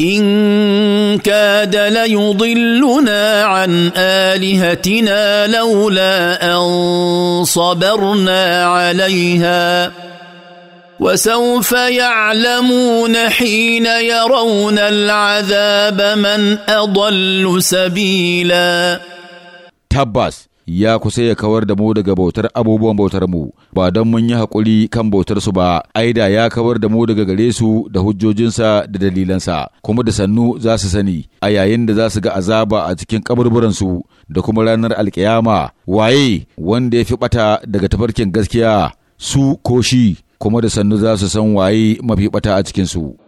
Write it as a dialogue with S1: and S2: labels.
S1: ان كاد ليضلنا عن الهتنا لولا ان صبرنا عليها وسوف يعلمون حين يرون العذاب من اضل سبيلا
S2: تباس ya kusa ya kawar da mu daga bautar abubuwan bautar mu ba don mun yi haƙuri kan bautar su ba aida ya kawar da mu daga gare su da hujjojinsa da dalilansa kuma da sannu za su sani a yayin da za su ga azaba a cikin kaburburan su da kuma ranar alkiyama waye wanda ya fi bata daga tafarkin gaskiya su ko shi kuma da sannu za su san waye mafi bata a cikin su